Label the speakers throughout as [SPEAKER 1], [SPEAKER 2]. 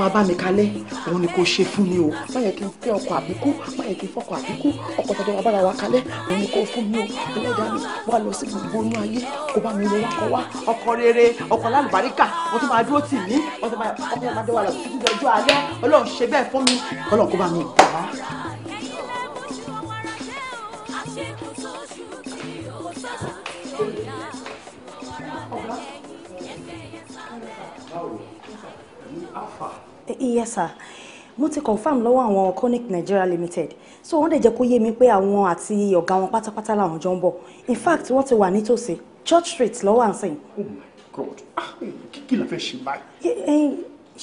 [SPEAKER 1] máa bá mi kalẹ̀ òun ni kò ṣe fún mi o má yẹ kí n fẹ́ ọkọ àbíkú má yẹ kí n fọkọ àbíkú ọkọ tọjọ bàbá wa kalẹ̀ òun ni kò fún mi o ẹlẹ́dàá mi wà lọ sí gbogbo inú ayé kó bá mi lọ wákọ̀ wá ọkọ rere ọkọ lálùbáríkà wọ́n tún máa dúró tì mí wọ́n tún máa dé wà lọ sí ọjọ́ alẹ́ ọlọ́run ṣe bẹ́ẹ̀ fún mi ọlọ́run kó bá mi gbà á. yes sir mo ti confam lọ́wọ́ àwọn conic nigeria limited so wọ́n dẹ̀ jẹ́ kó yé mi pé àwọn àti ọ̀gá wọn pátápátá làwọn jọ ń bọ̀ in fact wọ́n ti wà nítòsí church street
[SPEAKER 2] lọ́wọ́ àǹsẹ̀yìn. oh my god ah, kí la fẹ́ ṣe báyìí.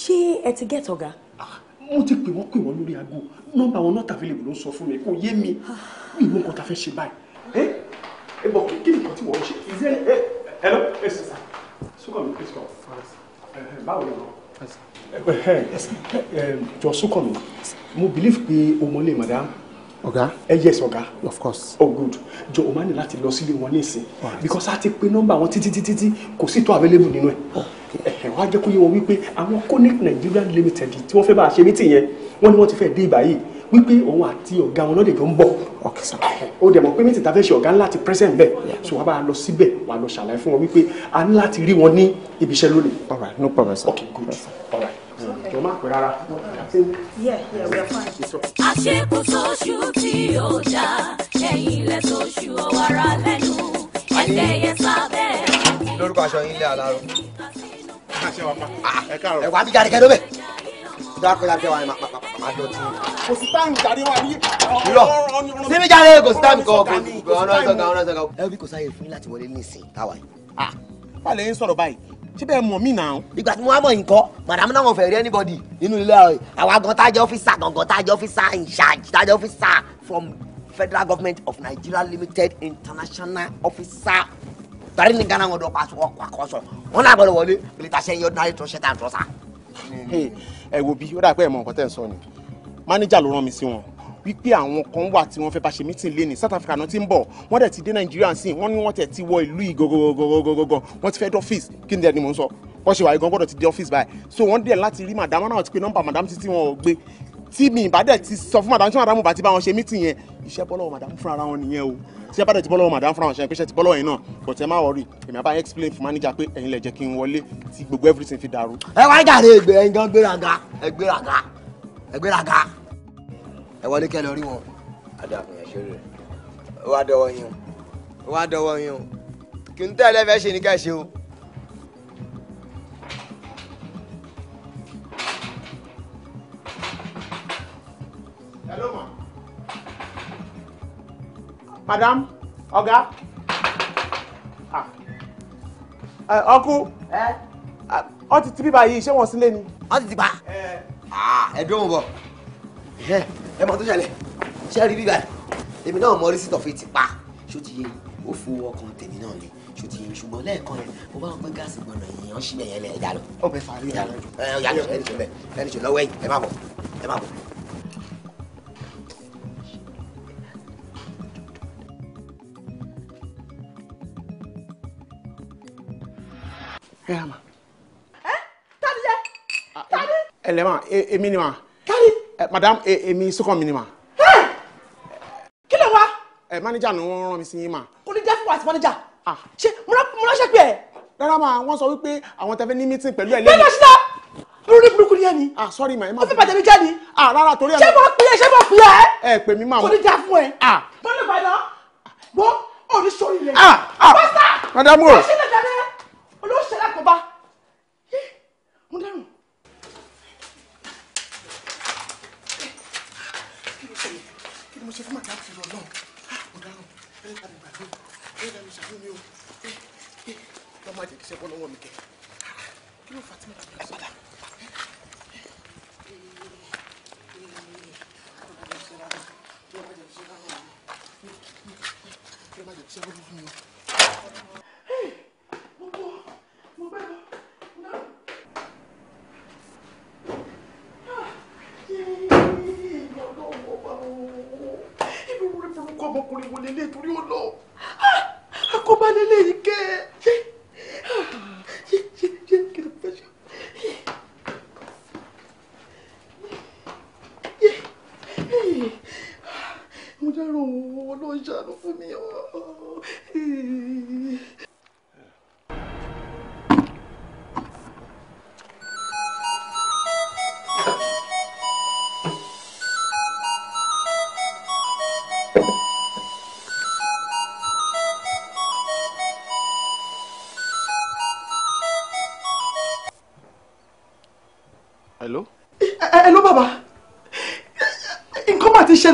[SPEAKER 2] ṣé ẹ ti gẹ̀t ọ̀gá. Ah, mo ti pè wọ́n pè wọ́n lórí aago nọ́mbà wọn not available ló ń sọ fún mi kò yé mi ah. mi ìwé nǹkan ta fẹ́ ṣe báyìí. Eh? ẹ ẹ bọ kí nǹkan tí wọ́n ṣe ẹ lọ ẹ sọ sá mi please come báwo ni wọ́n jọ sókàn mi mo believe pé o mọ lè madam Okay. ẹ eh, yes okay. of course oh good jọ o máa ní láti lọ sílé wọn nísìn because a ti pe number, wọn titi titi titi, kò sí tó available nínú ẹ eh, eh, wá jẹ́ kó yé wọn wípé àwọn connect Nigeria limited tí wọ́n fẹ́ bá a ṣe meeting yẹn wọ́n ní wọ́n ti fẹ́ dé ìbá yìí wípé òun àti ọ̀gá wọn lọ́dẹ̀ tó Okay. bọ̀ ó dẹ̀ mọ̀ pé meeting ta fẹ́ ṣe ọ̀gá ńlá ti present bẹ́ẹ̀ so wàá bá a lọ síbẹ̀ wàá lọ ṣàlàyé fún wọn wípé a ní láti rí wọn ní ibiṣẹ́ lónìí. all right no problem sir. okay good all right jọ má pẹ́ rárá.
[SPEAKER 3] àṣekù sóṣù tí ó dá ẹ̀yìn ilẹ̀ sóṣù ọ̀wárà lẹ́nu
[SPEAKER 2] ẹ̀dẹ̀yẹ sábẹ́. lórúkọ aṣọ yín lé aláró. ẹ̀wà ti jáde kẹ́dọ́ bẹ̀ ìjọba kọjá bí wàá máa dọ̀tí. kò sí táàmù jáde wá ní. irọ́ síbi jáde kò sí táàmù kọ̀ọ̀kan ọ̀nà ọ̀sán kan ọ̀nà ọ̀sán kan. kò sáyè fún yín láti wọlé ní ìsìn táwa yìí. wàá lè ń sọ̀rọ̀ báyìí síbẹ̀ mọ̀ mí náà. ìgbà tí mo wá mọ̀ yín kọ́ madam náà wọn fẹ́ rí anybody
[SPEAKER 1] nínú ilé ọ̀rẹ́ àwa gan tájẹ́ ọ́fíìsà gangan tájẹ́ ọ́fíìsà in charge tájẹ́ ọ́fíìsà from federal government of nigeria limited international officer tari ni ghana wọn dọ pa sọ wà kọ sọ wọn náà gbọ́dọ̀ wọlé pèlè tàṣẹ yín ọdún ayé tó ṣẹta àtúrọ sa.
[SPEAKER 2] ẹ wo bí ó dà pé ẹ mọ nǹkan tẹ́ ń sọ ni máníjà ló rán mi sí wọn wípé àwọn kan wà tí wọ́n fẹ́ bá ṣe meeting lé ní South Africa náà ti ń bọ̀ wọ́n dẹ̀ ti dé Nàìjíríà sí wọ́n ní wọ́n tẹ̀ ti wọ ìlú yìí gọ́gọ́gọ́gọ́gọ́ wọ́n ti fẹ́ dọ́fíìsì kí ni ẹni mò ń sọ wọ́n ṣe wà yìí gan gbọ́dọ̀ ti dé ọ́fíìsì báyìí so wọ́n dẹ̀ láti rí madam náà ti pe nọ́mbà madam títí wọn ò gbé tí mi ìbá dẹ̀ ti sọ fún madam tí madam bá ti bá wọn ṣe meeting yẹn iṣẹ́ bọ́ lọ́wọ́ madam fúnra wọn nìyẹn o tí bá dẹ̀ ti bọ́ lọ́wọ́ madam fúnra wọn ṣe pé iṣẹ́ ti bọ́ yẹn náà but ẹ má wọrí èmi àbá yẹn explain fún manager pé ẹ̀yin lẹ̀ jẹ́ kí n wọlé tí gbogbo everything fi dàrú.
[SPEAKER 1] ẹ wá jàre ẹgbẹ́ ẹ̀yin gan gbéraga
[SPEAKER 2] ẹgbẹ́raga ẹgbẹ́raga ẹ wọlé kẹ́ lọ rí wọn. adàmú
[SPEAKER 1] yẹn ṣeré ó wá dọ́wọ́ yín o ó wá dọ́wọ́ yín o kì í tẹ́lẹ̀ fẹ́ ṣe ní ká ṣe o.
[SPEAKER 2] madam ọ̀gá ah. ọkú ah, ọ ti ti bí báyìí ṣé wọ́n sílé ni. ọ ti ti pa ẹ̀ẹ́dùn ah, bọ̀ ẹ mọ tó ṣẹlẹ̀ ṣe rí bíbá
[SPEAKER 1] èmi náà mọ rísítọ̀ fi ti pa ó fowó ọkàn tèmi náà ni ṣó ti yé yẹn mo bá wọn pé gáàsì gbọ̀nà èèyàn ṣí bẹ̀yẹn lẹ̀ ẹ̀dá lọ. ó bẹ fàárí ẹ̀dá lọ ẹ̀dá lọ ẹni tó bẹ
[SPEAKER 2] ẹni tó lọ́wọ́ ẹ̀yìn ẹ má bọ̀ ẹ má bọ̀. ẹ hàn mà. ẹ tani jẹ ẹ lẹ́ mà èmi ni mà madam èmi e, sókàn mi ni mà. kí ló wá. ẹ eh, manager ni wọ́n rán mi sí yín mà. kò ní dáfíwá àti manager. Ah. ṣe mo ránṣẹ́ pé ẹ. rárá mà wọ́n sọ wípé àwọn tẹ́fẹ́ ní meeting pẹ̀lú ẹ̀ lẹ́yìn. bẹ́ẹ̀ lọ sí náà lórí burúkú ni ẹ ni. ah sorry ma ẹ má. o fi bàtà mi jáde. ah rárá torí ẹ. ṣé mo pè é ṣé mo pè é. ẹ eh, pè mí máa. kò ní dáa fún ẹ. ah. bọ́lá ìbàdàn bọ́ òní sórí rẹ. ah ah madamu o. bú mi o wọ́n má jẹ́ kí iṣẹ́ bọ́ lọ́wọ́ mi kẹ́
[SPEAKER 4] kí ló fà á tí mo ti bẹ̀rẹ̀ sọ́dà. Thank you.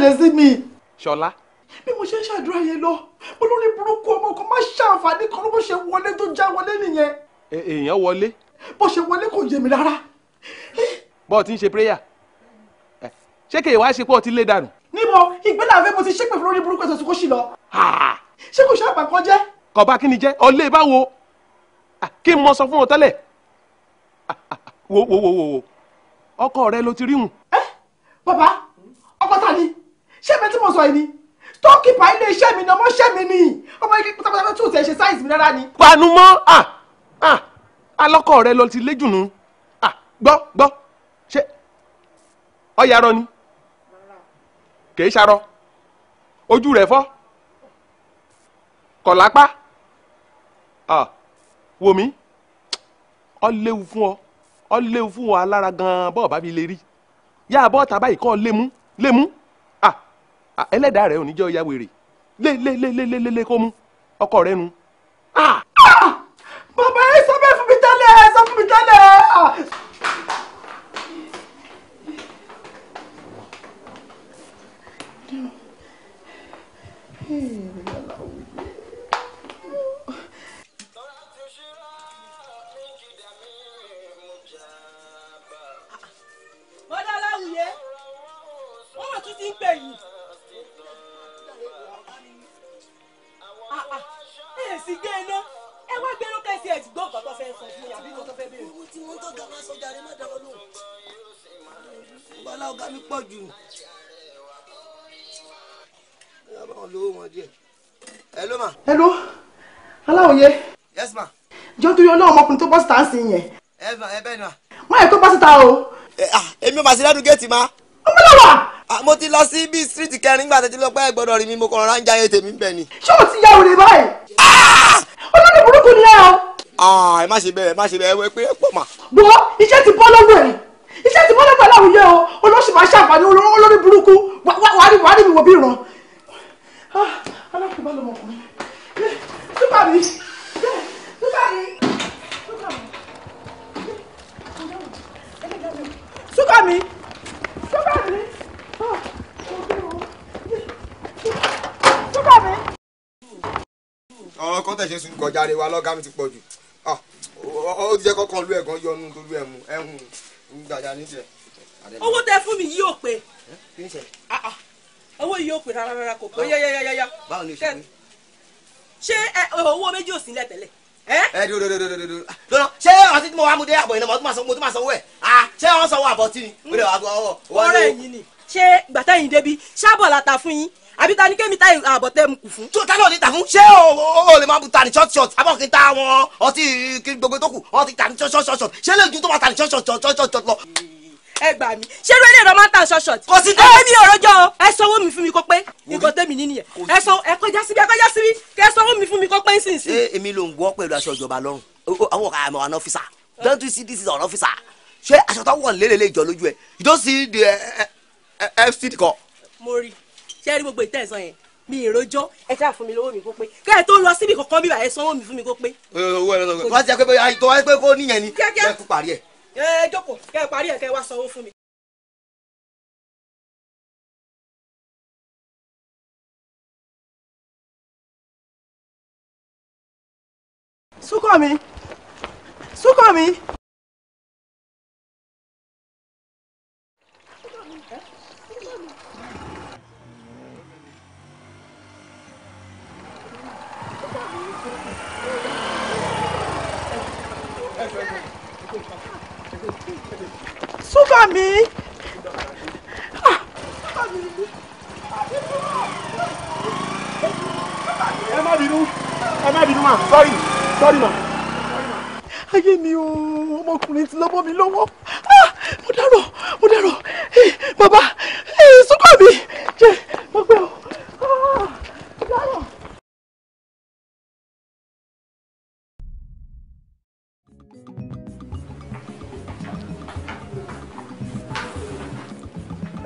[SPEAKER 1] ṣẹlẹ̀ sí mi. ṣọlá. bí mo ṣe ń ṣàdúrà yẹn lọ olórí burúkú ọmọ kan má ṣàǹfààní kan ló bó ṣe wọlé tó já wọlé nìyẹn.
[SPEAKER 2] E, èèyàn wọlé.
[SPEAKER 1] bó ṣe wọlé kò yé mi rárá.
[SPEAKER 2] bọ́ọ̀ ti ń ṣe prayer ṣé kèé wá ṣe pé ọ ti lé dànù.
[SPEAKER 1] níbo ìgbélàfẹ́ mo ti ṣépè fún olórí burúkú ẹ̀sán tó kó ṣì lọ. ṣé kò ṣe àpàkọ jẹ́.
[SPEAKER 2] kọ̀ọ̀bá kí ni jẹ́ ọlé e báwo kí n mọ sọ fún ọ tẹ́lẹ̀ ọkọ rẹ ló ti rí hùn. ẹ
[SPEAKER 1] bàbá ṣé mi tí mo sọ yìí ni stókìpà ilé iṣẹ́ mi ni ọmọ iṣẹ́ mi ni ọmọ ike pátápátá tí ò tẹ̀ ṣe sáyẹ̀nsì mi rárá ni.
[SPEAKER 2] panu mọ́ à ah, à ah, alọ́kọ̀ rẹ lọ ti léjùnú à ah, gbọ́ gbọ́ ṣé ọ̀yàrọ̀ ni kìí ṣarọ ojú rẹ fọ́ kọ̀lápá wò mí ọ léwu fún ọ ọ léwu fún ọ alára gan-an bọ́ọ̀ bá fi lè rí yá bọ́ọ̀tà báyìí kọ́ ọ lé mú lé mú ẹlẹ́dàá rẹ̀ ò ní jẹ́ ọ̀yá wèrè lélelelelele kó mú ọkọ rẹ̀ nu. bàbá ẹ sọ bẹ́ẹ̀ fún mi tẹ́lẹ̀ ẹ sọ fún mi tẹ́lẹ̀.
[SPEAKER 1] mọ́dá láwùyé wọ́n mọ̀ tún ti ń pè yìí. sì gé iná ẹ wá gbé lókè sí ẹ̀jú gbọ́ǹkan tó fẹ́ sọ fún yàrá tó fẹ́ bẹ̀rẹ̀. owó tí wọ́n ń tọ́ga máa sọ jàre má dáwọ́ lóhùn. bọ́lá ọ̀gá mi pọ̀ jù. ẹ hello ma. hello aláwòye. yes ma. jọ tó yọ náà ọmọkùnrin tó bọ́ síta ń sin yẹn. ẹ bẹ́ẹ̀ ni ma. má yẹ kó bọ́ síta o. Eh, ah, èmi ò máa ṣe ládùúgẹ́ẹ̀tì ma. ọmọ náà wà. Ah, mo ti lọ sí bí street kẹrin gbà tẹ́tí lọ́pẹ́ gbọ́dọ̀ rí mi mo kàn rọra ń jayé tèmi ń bẹ̀ ni. ṣé o ti yá òrè báyìí. Ah! olórí burúkú ni ẹ o. Ah, ẹ má ṣe bẹ́ẹ̀ ẹ má ṣe bẹ́ẹ̀ ẹ pé ẹ pọ̀ mà. bọ́ iṣẹ́ ti bọ́ lọ́wọ́ ẹ̀ iṣẹ́ ti bọ́ lọ́wọ́ ẹ̀ láwùjọ o olóṣù máa ṣàǹfààní olórí burúkú wàá wàá mi wò bí ìran. alákùnrin eh, bá
[SPEAKER 2] dẹ̀ ṣe sùúrù kọjá rẹ wa lọ́gàá mi ti pọ̀ jù ó ti jẹ́ kọ́kọ́ lu ẹ̀gán yọnu tó lu ẹ̀mú ẹ̀hún gbàjà ní tiẹ̀. owó tẹ fún mi yìí ò pé ah, ah. owó yìí ò pé rárá rárá kò pé
[SPEAKER 1] yáyáyáyá ṣé owó méjì ò sílẹ̀ tẹ́lẹ̀ ẹ
[SPEAKER 4] dúró dúró dúró dúró
[SPEAKER 1] dúró ah, ṣé ọtí tí mo wá mu dé àbọ̀ ìnáwó mo tún máa sanwó ẹ̀ ṣé wọ́n sanwó àbọ̀ tí ni. Hmm. ọ̀rẹ́ yìí ni ṣé gbàtẹ́yìn débi ṣáàbọ̀ la ta fún yín àbí ta ni kémi ta àbọ̀tẹ́ mu kù fún. tó ta náà ní ta fún. ṣé o o lè máa bu Tani ní short short àbọ̀ kí n ta wọn ọtí kiri gbogbo tó kù wọn ti ta ní short short short ṣé lè ju tó máa ta ní short short short short lọ. ẹ gbà mí ṣé eré ìrọ̀ máa ń ta short kò sí tẹ́lẹ̀. èmi ò rọjò ẹ sanwó mi fún mi kó pé nǹkan tẹ́mi nínú yẹn ẹ sanwó ẹ kọjá síbi ẹ kọjá síbi kẹ sanwó mi fún mi kó pé nísinsìnyí. ṣé èmi ló ń gbọ́ pẹ̀lú an officer don't you see this is an officer ṣé aṣọ tó wọ̀ lélẹ̀ lè jọ lójú you don't see the fct kan. mo ṣé ẹ rí gbogbo ìtẹ̀sán yẹn mi ìrojọ́ ẹ ṣáà fún mi lówó mi kó pé kẹ́ ẹ tó lọ síbi kankan bíbà ẹ sanwó mi fún mi kó pé. owó ẹ
[SPEAKER 3] lọ́sọ̀rọ̀ wá sí ẹ pé tó wáyé pé kó níyẹn ni kẹ́ ẹ kú parí ẹ.
[SPEAKER 1] ẹ jókòó kẹ́ parí ẹ kẹ́ wá sanwó fún mi. Súnkànmí Súnkànmí. mi. ẹ má bínú ẹ má bínú ma sorry sorry ma. ayé mi o ọmọkùnrin ti lọ́mọ mi lọ́wọ́ ah, mo dárò mo dárò eh, bàbá eh, sùkọ́ mi jẹ́ mo pẹ́ o.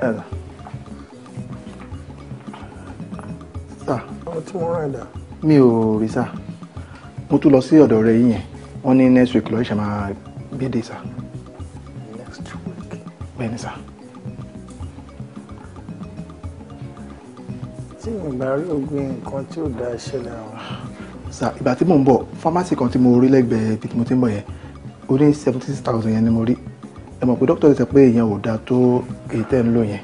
[SPEAKER 4] ẹ̀rọ. sà
[SPEAKER 3] àwọn tí wọ́n rà dà.
[SPEAKER 4] mi ò rí sà mo tún lọ sí ọ̀dọ̀ rẹ yìí yẹn wọ́n ní next week lọ́ọ́ ṣe máa gbédè sà.
[SPEAKER 3] next week. bẹ́ẹ̀ ni sà. tí ìgbà rí ogun nǹkan tí ò dáa ṣẹlẹ̀ àwọn.
[SPEAKER 4] sà ìgbà tí mò ń bọ̀ fámásì kan tí mo rí lẹ́gbẹ̀ẹ́ bí mo ti ń bọ̀ yẹn ó ní seventy six thousand yẹn ni mo rí ẹ mọ̀ pé dókítà ti sọ pé ìyẹn ò dáa tó èyí tẹ́ ń lò yẹn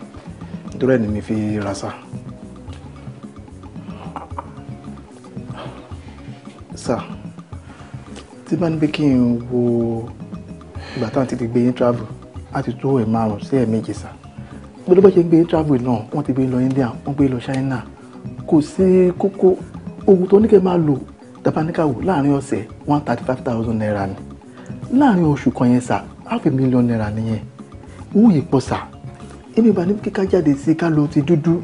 [SPEAKER 4] nítorí ẹ̀ ni mi fi ra sá. sá tí bá ní pé kí n wo ìgbà táwọn ti ti gbé yín travel á ti tó ẹ̀ márùn-ún sí ẹ̀ méjì sá bá ṣe ń gbé travel náà wọ́n ti gbé lọ India wọ́n gbé lọ China kò sí kókó oògùn tó ní kẹ́ máa lò tàbá ní láàrin ọ̀sẹ̀ one thirty five thousand naira ni láàrin oṣù kan yẹn sà half a million naira nìyẹn owó yìí pọ̀ sà èmi bá ní kíká jáde sí ká lo ti dúdú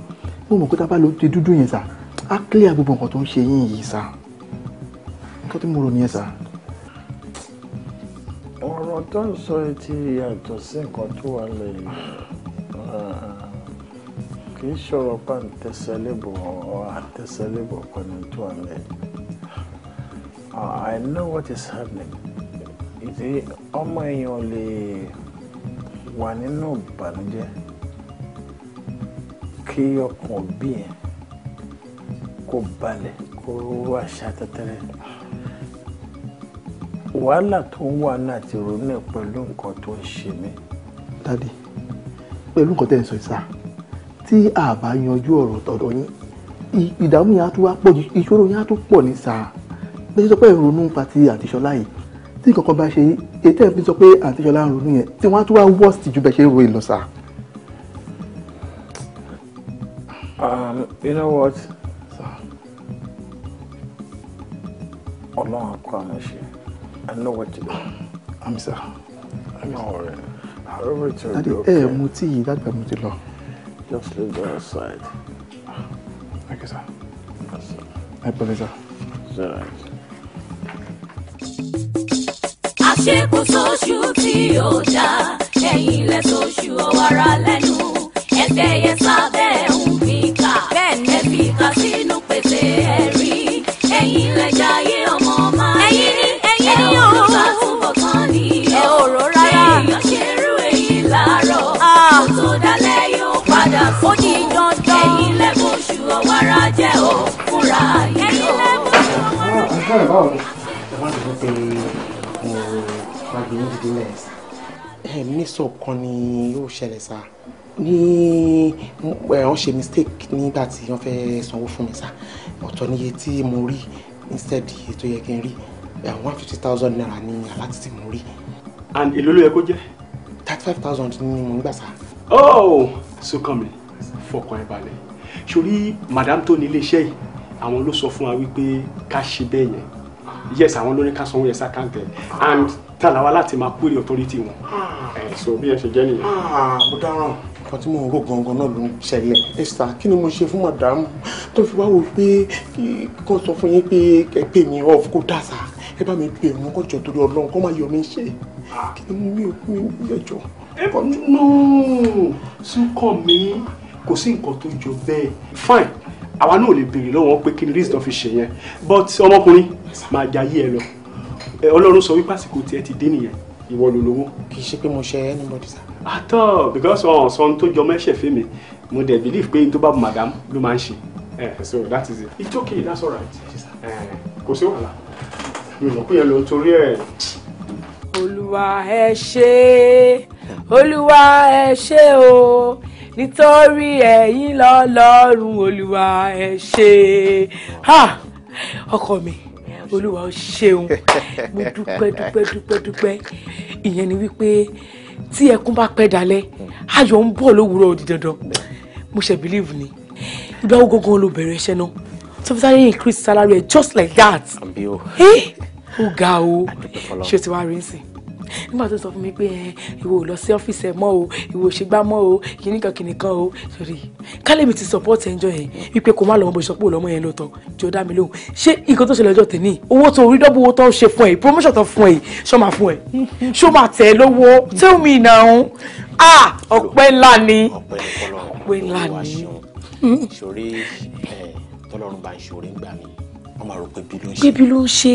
[SPEAKER 4] mo mọ̀ pé tá a bá lo ti dúdú yẹn sà á clear gbogbo nǹkan tó ń ṣe yín yìí sà nǹkan tí mo rò nìyẹn sà.
[SPEAKER 3] ọ̀rọ̀ tó ń sọ etí yàtọ̀ sí nǹkan tó wà lẹ́yìn kì í ṣọ̀rọ̀ pa ntẹ̀sẹ̀lébọ̀ àtẹ̀sẹ̀lébọ̀ kan ní tó wà lẹ́yìn I know what is happening ìpè ọmọ èèyàn lè wà nínú ìbànújẹ́ kí ọkàn òbí yẹn kó balẹ̀ kó wà ṣàtẹ́tẹ́rẹ́ wàhálà tó ń wà náà ti ronú ẹ̀ pẹ̀lú nǹkan tó ń ṣe mí.
[SPEAKER 4] dádì pẹ̀lú nǹkan tẹ́ ẹ̀ sọ ìsà tí a bá yanjú ọ̀rọ̀ tọ̀dọ̀ yín ìdààmú yẹn á tún wá pọ̀ jù ìṣòro yẹn á tún pọ̀ ní sáà bẹ́ẹ̀ sọ pé ìrònú pa ti àtìṣọlá yìí tí kankan bá ṣe yín ètò ẹ̀fín sọ pé àtijọ́lá ń ronú yẹn tí wọ́n á tún wá worst ju bẹ́ẹ̀ ṣe ń ro ìlọ sá.
[SPEAKER 3] Um, you know what? Ọlọ́run akọ àmọ́ ṣe. I know what you do. Àmì sá. Àmì sá. Ọ̀rẹ́ àrùbí tí o bí òkè. Ẹ
[SPEAKER 4] mu tí yìí dàgbà mu ti lọ.
[SPEAKER 3] Just leave that aside. Okay,
[SPEAKER 4] sir. Yes, sir. I
[SPEAKER 3] apologize. It's all ṣé kò sóṣù tí ó dá ẹ̀yìn lẹ sóṣù ọ̀wàrà lẹ́nu ẹgbẹ́ yẹn sábẹ́ ń fi kà ẹ fi kà sínú pèsè ẹ̀rí ẹ̀yìn lẹ jayé ọmọ máa yé ẹ̀yìn ni ó bá túbọ̀ tán ni ó ṣe èèyàn ṣe rú èyí láàárọ̀ ah. kó tó dalẹ̀ yóò padà fún un ẹ̀yìn lẹ sóṣù ọ̀wàrà jẹ́ ò fúnra yìí ó
[SPEAKER 2] mo máa gbé ní dídí lẹ̀. ẹ mísọ̀p kan ni yóò ṣẹlẹ̀ sá ní wọ́n ṣe mistake nígbà tí wọ́n fẹ́ sanwó fún mi sá ọ̀tọ̀ níye tí mo rí instead iye tó yẹ kí n rí one fifty thousand naira ni aláti tí mo rí. and èló ló yẹ kó jẹ́. thirty five thousand ni mo ń gbà sá. oh Sukanmi fọkàn ẹ balẹ̀ sórí madam tó ní iléeṣẹ́ yìí àwọn ló sọ fún wa wípé ká ṣe bẹ́ẹ̀ yẹn yes àwọn ló ní ká sanwó yẹn sákàǹtẹ and tàlàwà láti máa query authority wọn ah. eh, so bí ẹ ṣe jẹ́ nìyẹn. Ah, mo dáràn nǹkan tí mò ń rò gangan náà ló ń ṣẹlẹ̀ esther kí ni mo ṣe fún madam tó fi wá wò pé kò sọ fún yín pé ẹ pè mí off kó dà sá ẹ bá mi pè wọn kó jọ torí Ọlọ́run kó má yọ mí ṣe ah. kí ni mo mi ò kú ẹjọ́. Eh, nù sún kàn mí kò sí nǹkan tó jọ bẹ́ẹ̀ fine àwa náà lè béèrè lọ́wọ́ pé kí ni reason fi ṣe yẹn but ọmọkùnrin máa jayé ẹ lọ ọlọ́run sọ wípé àsìkò tiẹ̀ ti dé nìyẹn ìwọ ló lówó. kì í ṣe pé mo ṣe anybody sir. àtọ because ọ̀hún sọ ohun tó jọ mẹ́ṣẹ̀ fún mi mo dẹ̀ believe pé tó bá bu madam ló máa ń ṣe so that is it. it's okay that's alright kò sí wàhálà mi ò mọ̀ pé yẹn ló ń torí ẹ̀.
[SPEAKER 1] olúwa ẹ ṣé olúwa ẹ ṣé o nítorí ẹ̀yin lọ́lọ́run olúwa ẹ ṣé ọkọ mi olúwa ó ṣeun mo dúpẹ́ dúpẹ́ dúpẹ́ dúpẹ́ ìyẹn ni wípé tí ẹkún bá pẹ́ dalẹ́ ayọ̀ ń bọ̀ lówùúrọ̀ òdì dandan mo ṣe believe ni ìgbà wo gangan ló bẹ̀rẹ̀ iṣẹ́ náà tó fi sáré increase salary just like that eh! ó ga o ṣé o ti wá rí nsìn nígbà tó sọ fún mi pé ìwọ ò lọ sí ọ́fíìsì ẹ̀ mọ́ o ìwọ ò ṣe gbá mọ́ o kìnnìkan kìnnìkan o sori kálẹ̀mí ti support ẹ̀ńjọ́ yẹn wípé kò má lọ́mọ bó ṣe pé òlọ́mọ yẹn lọ́tọ̀ jọ dá mi lóhùn ṣé nǹkan tó ṣẹlẹ̀ ọjọ́ tèmi owó tó orí dọ́bù owó tó ṣe fún ẹ promotion tó fún ẹ ṣó máa fún ẹ ṣó máa tẹ̀ ẹ́ lówó tell me now ah ọpẹ́ ńlá ni
[SPEAKER 2] ọpẹ́ ńlá ni. Mm-hmm. sori eh, tọ́lọ́run bá ń ṣoore ń gbà mí wọ́n máa rò pé bí ló ń ṣe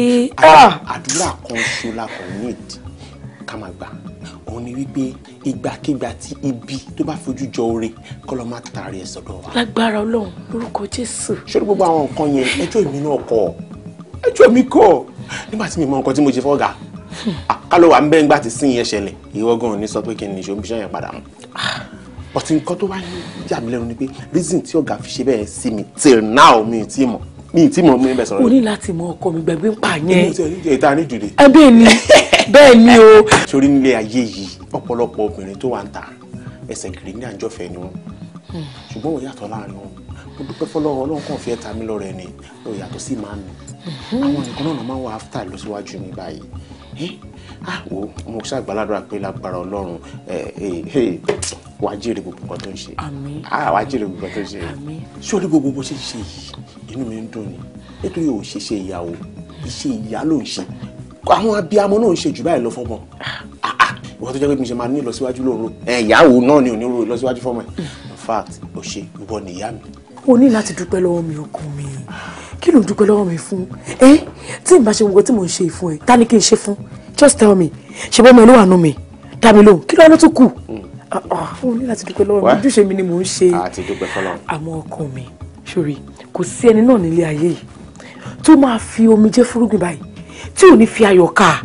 [SPEAKER 2] àdúrà ah. kan ṣo la kò ní ìdí ká máa gbà òun ni wípé ìgbàkigbà tí ibi tó bá fojú jọ oore kọ́ lọ́ máa tààrí ẹ̀ sọ́dọ̀ wa.
[SPEAKER 1] lágbára Ọlọ́run
[SPEAKER 2] lórúkọ Jésù. ṣé gbogbo àwọn nǹkan yẹn ẹjọ́ èmi náà kọ́ ẹjọ́ mi kọ́ nígbà tí mi mọ nǹkan tí mo ṣe fọ́gà hmm. ah, kálọ̀ wà ń bẹ́ẹ̀ ńgbà tí sín yẹn ṣẹlẹ̀ ìwọ gan ni sọ pé kí n nìṣó bí sẹ́yìn padà mọ́ ọtí ah. nǹkan tó wá yà lẹ́nu ni pé reason tí ọ̀gá fi ṣe bẹ́ẹ̀ sí mi till now mi ì tí mọ̀ mi ì tí mọ̀ mi bẹ̀ sọ̀rọ̀. o ní
[SPEAKER 1] láti mọ ọkọ mi gbẹ̀gbẹ́ ń pa yẹn. ètò àníjùde. ẹ
[SPEAKER 2] bẹ́ẹ̀ ni bẹ́ẹ̀ ni o. sórí nílé ayé yìí ọ̀pọ̀lọpọ̀ obìnrin tó wà ń ta ẹsẹ̀ gírí ní àjọfẹ́ ni wọn ṣùgbọ́n ò yàtọ̀ láàrin wọn mo dúpẹ́ fọlọ́wọ́ ọlọ́run kàn fi ẹ̀ta mi lọ́rẹ̀ ni ò yàtọ̀ sí màmí mhm. àwọn nìkan náà máa wà áfítà lọ síwájú mi báyìí wo mo ṣàgbàládùra pé lágbára ọlọ́run wàá jèrè gbogbo nǹkan tó ń ṣe wàá jèrè gbogbo nǹkan tó ń ṣe sórí gbogbo bó ṣe ń ṣe yìí inú mi ń dùn ni nítorí ò ṣe ṣe ìyàwó iṣẹ́ ìyá ló ń ṣe àwọn abiyamọ náà ń ṣe jù báyìí lọ fọmọ ìwọ tó jẹ́ pé mi ṣe máa ní ìlọsíwájú lóru ìyàwó náà ni ò ní ìlọsíwájú fọmọ ẹ̀ in fact ó ṣe ìwọ nìyá mi.
[SPEAKER 1] o ní láti dúpẹ́ lọ́wọ́ mi ọkàn mi kí ló ń dúpẹ́ lọ́wọ́ mi fún ẹ tí n bá ṣe gbogbo tí mò ń ṣe fún ẹ ta ni kí n ṣe fún just tell me ṣe bọ́ ọmọ ìlú àánú mi dá mi lóhùn kí ló ló tún kù hmm. ah, ah, fún mi láti dúpẹ́ lọ́wọ́ mi ojúṣe mi ni mò ń ṣe àmọ́ ọkàn mi ṣòrí kò sí ẹni náà nílé ayé yìí tó máa fi omijé fúrúgbìn báyìí tí ò ní fi ayọ̀ ká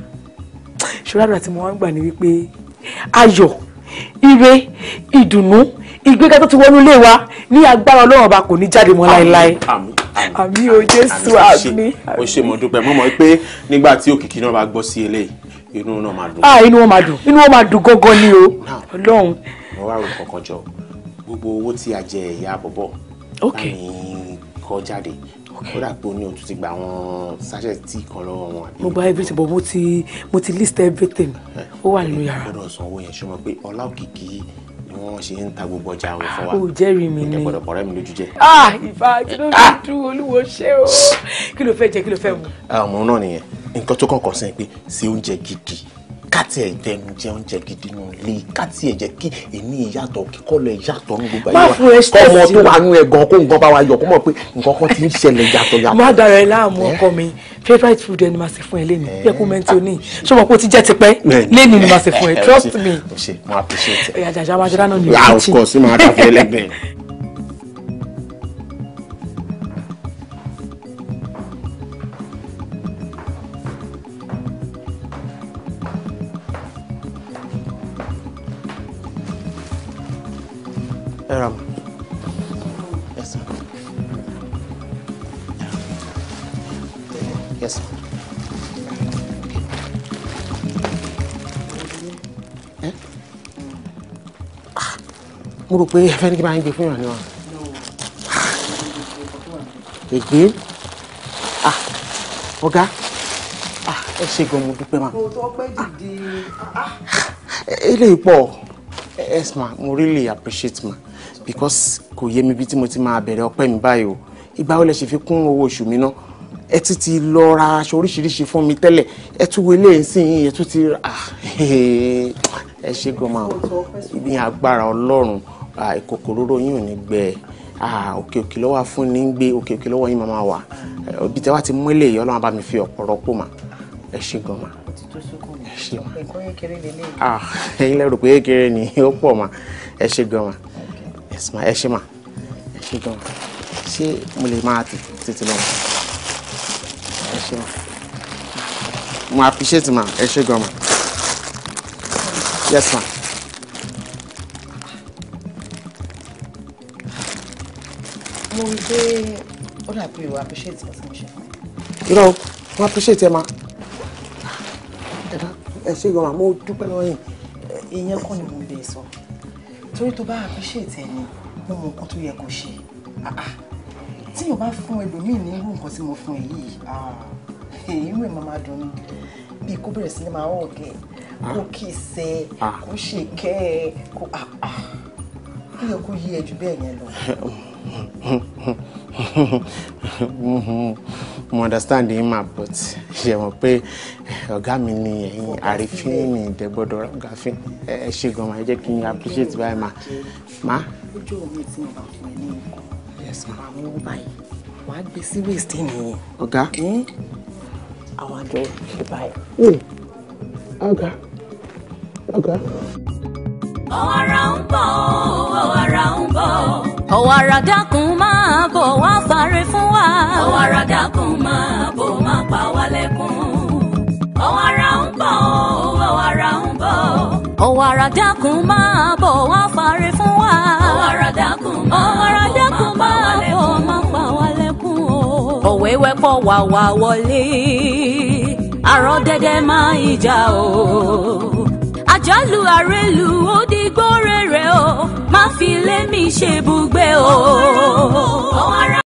[SPEAKER 1] ṣòrádùn àti mo wá ń gbà ní wípé ayọ̀ ire ìdùnnú ìgbéga tó ti wọnú ilé wa ní agbára ọlọ́run ọba kò ní jáde mọ́ láéláé.
[SPEAKER 2] àmín Oh, àmì o jésù àmì. o ṣe mo dúpẹ́ mo mọ̀ pé nígbà tí òkìkí náà bá gbọ́ sí eléyìí inú náà máa dùn. ah inú wọn máa
[SPEAKER 1] dùn inú wọn máa dùn gangan ni o Ọlọ́run.
[SPEAKER 2] mo wá rò kankan jọ gbogbo owó tí a jẹ ìyá àbọ̀bọ̀ báyìí kọ́ jáde ó dà pé o ní o tún ti gba àwọn sáṣẹ́tì kan lọ́wọ́ wọn.
[SPEAKER 1] mo gba everything but mo ti mo ti list everything eh. ó wà nínú yàrá.
[SPEAKER 2] o gbọ́dọ̀ san yẹn ṣọmọ pé ọlá òkìkí ni wọ́n ṣe ń ta gbogbo ọjà àwọn ìfọwà. Ah, o jẹ́rìí mi ni ìdẹ̀gbọ̀dọ̀ bọ̀rẹ́ mi lójú jẹ́.
[SPEAKER 1] ah ìfà kí ló fi dùn olúwo ṣé o kí ló fẹ́ jẹ kí ló fẹ́ mu.
[SPEAKER 2] àmọ́ ah, náà nìyẹn nǹkan tó kàn kàn sẹ́yìn pé ṣe oúnjẹ gidi káti ẹ̀ dẹnu jẹ oúnjẹ gidi nù lé káti ẹ̀ jẹ́ kí èmi ìyàtọ̀ kíkọ́lọ̀ ìyàtọ̀ ní gbogbo ayé wa kọ́ ọmọ tó wà nú ẹ̀ gan kó nǹkan bá wa yọ kó mọ̀ pé nǹkan kan ti ń ṣẹlẹ̀ yàtọ̀ yàtọ̀. má
[SPEAKER 1] dara ẹ láàmú ọkọ mi favourite food ẹni máa ṣe fún ẹ lẹ́nu yẹ kó mẹ́ntì òní ṣé mo kó ti jẹ́ tipẹ́
[SPEAKER 2] lẹ́nu ni máa ṣe fún ẹ trust me. mo appreciate
[SPEAKER 1] it. ìyàjà ìjà wa jẹ́ dáná
[SPEAKER 2] ní ìlú mo rò pé ẹ fẹ́ ní kí n máa ń gbé fún ìrànlọ́wọ́ èké ah, ọ̀gá ah, ẹ ṣe gan mo dúpẹ́ máa. òótọ́ pẹ́ dìde. eléyìí ah, pọ̀ yes ma mo really appreciate ma because kò yé mi bí tí mo ti máa bẹ̀rẹ̀ ọpẹ́ mi báyìí o ìgbà wo lẹ ṣe fi kún owó oṣù mi náà ẹ ti ti lọ ra aṣọ oríṣiríṣi fún mi tẹ́lẹ̀ ẹ tún wo eléyìí sí yín ẹ tún ti ẹ ṣe gọmọ ibi agbára ọlọ́run kòkòrò yín ò ní gbẹ òkè òkè lọ́wọ́ fún ní gbé òkè òkè lọ́wọ́ yín máa wà ibi tẹ́wà ti mú eléyìí ọlọ́run bá mi fi ọ̀pọ̀ mà ẹ ṣe gọmọ ẹ ṣe
[SPEAKER 1] mà
[SPEAKER 2] ẹ̀yin lẹ́rù pé kékeré ni ó pọ̀ mà ẹ ṣe gọmọ ẹ ṣe mà ẹ ṣe gọmọ ṣé mo lè máa tètè lọ ẹ ṣe mà mo appreciate ma ẹ ṣe gan Yes, ma'am.
[SPEAKER 1] Mo rí i pé ó dàbí ìwà appreciate nǹkan tí mo ṣe fún mi.
[SPEAKER 2] Irọ́ wọn appreciate ẹ ma.
[SPEAKER 1] Ẹ ṣe gan mo dúpẹ́ lọ́wọ́ yìí. Ìyẹn kọ́ ni mo ń bẹ sọ. Torí tó bá appreciate ẹ ni, mo mọ nǹkan tó yẹ kó ṣe. Tí yóò bá fún ẹlòmíì ní irú nǹkan tí mo fún ẹ yìí, inú ẹ̀ máa máa dùn ni. Bí kó bẹ̀rẹ̀ sí ni máa wọ̀ kẹ́ ẹ̀ kó kó ṣèkẹ kó kó
[SPEAKER 2] yẹ kó yí ẹ jù bẹ́ẹ̀ yẹn lọ. mo understand yín ma but ṣe mọ̀ pé ọ̀gá mi ni ẹ̀yin àrífín mi ìdẹ́gbọ́dọ̀ ọ̀gá fín ẹ ṣe gan ma ẹ jẹ́ kí n appreciate báyìí ma. ma.
[SPEAKER 1] ojú omi ti ń bá fún ẹ ní nǹkan
[SPEAKER 2] àwọn ọba yìí
[SPEAKER 1] wàá gbé sí waste nìyẹn. ọ̀gá. àwọn àjọ ṣe báyìí.
[SPEAKER 2] ọ̀gá. Okay. Okay.
[SPEAKER 3] Ọ̀wàrà ń bọ̀, ọ̀wàrà ń bọ̀.
[SPEAKER 1] Ọ̀wàrà dákun máa bọ̀ wá fàre fún
[SPEAKER 3] wa. Ọ̀wàrà dákun máa bọ̀ má pa wá lẹ́kún. Ọ̀wàrà ń bọ̀, ọ̀wàrà ń bọ̀. Ọ̀wàrà dákun máa bọ̀ wá fàre fún wa. Ọ̀wàrà dákun máa bọ̀ má pa wá
[SPEAKER 1] lẹ́kún. Ọ̀wẹ́wẹ́ pọ̀ wá wá wọlé, àrọ́ dẹ́dẹ́ máa
[SPEAKER 3] ń jà o àjálù àrélù ó digbó rere o má fi lé mi ṣebùgbé o.